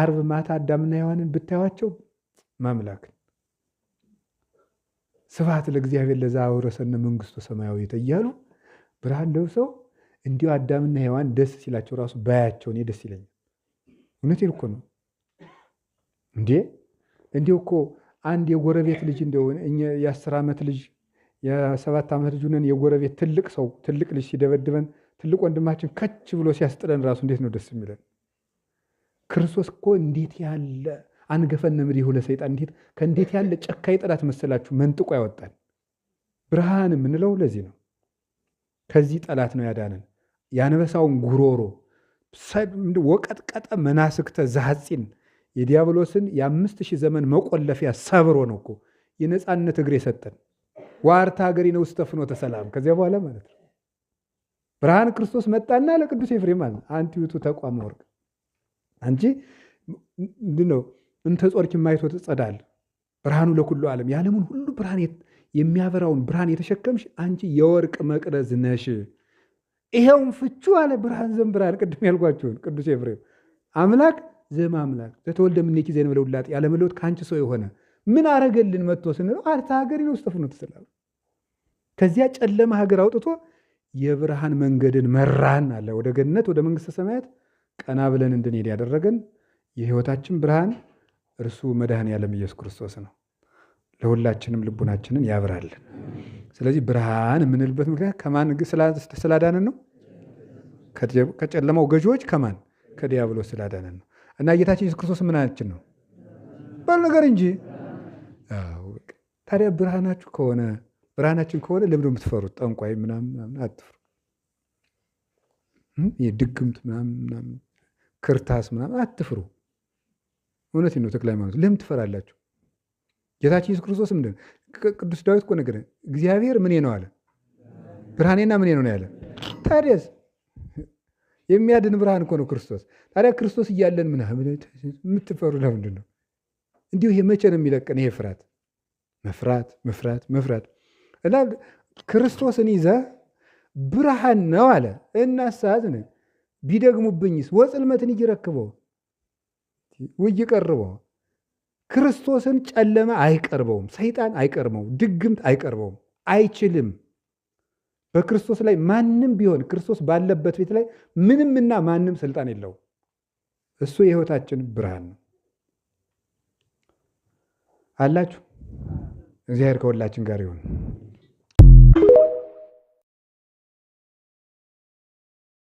አርብ ማታ አዳምና ሔዋንን ብታዩቸው ማምላክ ስብሐት ለእግዚአብሔር ለዛ አውረሰነ መንግስቱ ሰማያዊ እያሉ ብርሃን ለብሰው እንዲሁ አዳምና ሔዋን ደስ ሲላቸው ራሱ ባያቸው እኔ ደስ ይለኛል። እውነቴን እኮ ነው እንዴ! እንዲሁ እኮ አንድ የጎረቤት ልጅ እንደው የአስር ዓመት ልጅ የሰባት ዓመት ልጅ ሆነን የጎረቤት ትልቅ ሰው ትልቅ ልጅ ሲደበድበን ትልቅ ወንድማችን ከች ብሎ ሲያስጥለን ራሱ እንዴት ነው ደስ የሚለን? ክርስቶስ እኮ እንዴት ያለ አንገፈንም ሁለ ሰይጣን እንዴት ከእንዴት ያለ ጨካኝ ጠላት መሰላችሁ መንጥቆ ያወጣን። ብርሃን የምንለው ለዚህ ነው። ከዚህ ጠላት ነው ያዳነን። የአንበሳውን ጉሮሮ ወቀጥቀጠ መናስክተ ዛሐፂን የዲያብሎስን የአምስት ሺህ ዘመን መቆለፊያ ሰብሮ ነው እኮ የነፃነት እግር የሰጠን። ዋርታ ሀገሪ ነው ውስተ ፍኖተ ሰላም። ከዚያ በኋላ ማለት ነው ብርሃን ክርስቶስ መጣና ለቅዱስ ኤፍሬም ማለት አንቲዩቱ ተቋመ ወርቅ አንጂ ምንድን ነው እንተ ጾርኪ ማየቶ ትጸዳል ብርሃኑ ለኩሉ ዓለም የዓለሙን ሁሉ ብርሃን የሚያበራውን ብርሃን የተሸከምሽ አንቺ የወርቅ መቅረዝ ነሽ። ይሄውን ፍቹ አለ ብርሃን ዘም ቅድም ያልኳችሁን ቅዱስ ኤፍሬም አምላክ ዘም አምላክ ዘተወልደ እምኔኪ ዘእንበለ ውላጤ ያለመለወት ከአንቺ ሰው የሆነ ምን አረገልን መጥቶ ስንለው አርታ ሀገር ይወስጠፍ ነው ትስላሉ። ከዚያ ጨለማ ሀገር አውጥቶ የብርሃን መንገድን መራን አለ ወደ ገነት ወደ መንግስተ ሰማያት ቀና ብለን እንድንሄድ ያደረገን የህይወታችን ብርሃን እርሱ መድኃኔ ያለም ኢየሱስ ክርስቶስ ነው። ለሁላችንም ልቡናችንን ያብራልን። ስለዚህ ብርሃን የምንልበት ምክንያት ከማን ስላዳነን ነው። ከጨለማው ገዢዎች ከማን ከዲያብሎስ ስላዳነን ነው። እና ጌታችን ኢየሱስ ክርስቶስ ምናችን ነው በል ነገር እንጂ ታዲያ ብርሃናችሁ ከሆነ ብርሃናችን ከሆነ ለምንድን ነው የምትፈሩት? ጠንቋይ ምናምን አትፍሩ፣ ድግምት ምናምን ምናምን ክርታስ ምናምን አትፍሩ። እውነት ነው። ተክለ ሃይማኖት ለምን ትፈራላችሁ? ጌታችን ኢየሱስ ክርስቶስ ምንድን ቅዱስ ዳዊት እኮ ነገር እግዚአብሔር ምኔ ነው አለ፣ ብርሃኔና ምኔ ነው ያለ። ታዲያስ የሚያድን ብርሃን እኮ ነው ክርስቶስ። ታዲያ ክርስቶስ እያለን ምናምን የምትፈሩ ለምንድን ነው? እንዲሁ ይሄ መቼ ነው የሚለቀን? ይሄ ፍርሃት መፍራት መፍራት መፍራት እና ክርስቶስን ይዘህ ብርሃን ነው አለ እና ሰዓት ቢደግሙብኝስ ወጽልመትን ይረክበው ይቀርበው ክርስቶስን ጨለማ አይቀርበውም። ሰይጣን አይቀርበውም። ድግምት አይቀርበውም። አይችልም። በክርስቶስ ላይ ማንም ቢሆን ክርስቶስ ባለበት ቤት ላይ ምንምና ማንም ስልጣን የለው? እሱ የህይወታችን ብርሃን ነው አላችሁ። እግዚአብሔር ከሁላችን ጋር ይሁን።